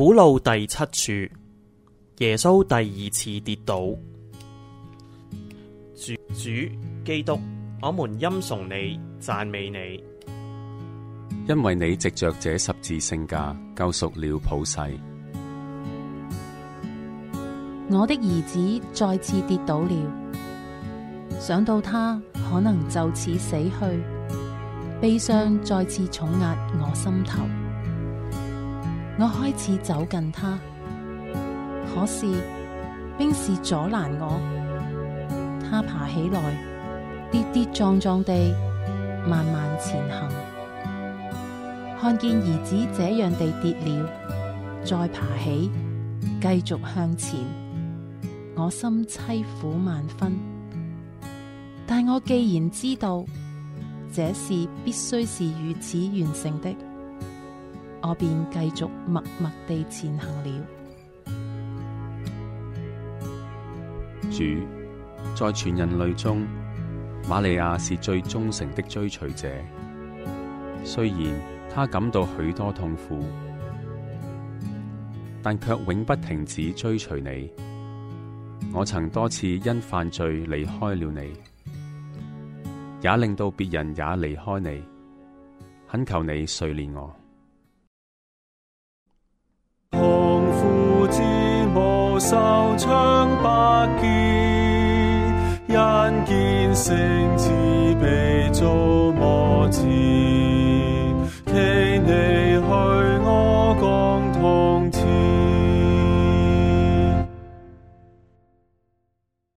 苦路第七處，耶穌第二次跌倒。主主基督，我們欽崇你，讚美你，因為你藉着這十字聖架救贖了普世。我的兒子再次跌倒了，想到他可能就此死去，悲傷再次重壓我心頭。我開始走近他，可是兵士阻攔我。他爬起來，跌跌撞撞地慢慢前行。看見兒子這樣地跌了，再爬起，繼續向前。我心凄苦萬分，但我既然知道，這事必須是如此完成的。我便繼續默默地前行了。主，在全人類中，瑪利亞是最忠誠的追隨者。雖然她感到許多痛苦，但卻永不停止追隨你。我曾多次因犯罪離開了你，也令到別人也離開你。懇求你垂憐我。受槍百劍，因見聖子被遭磨折。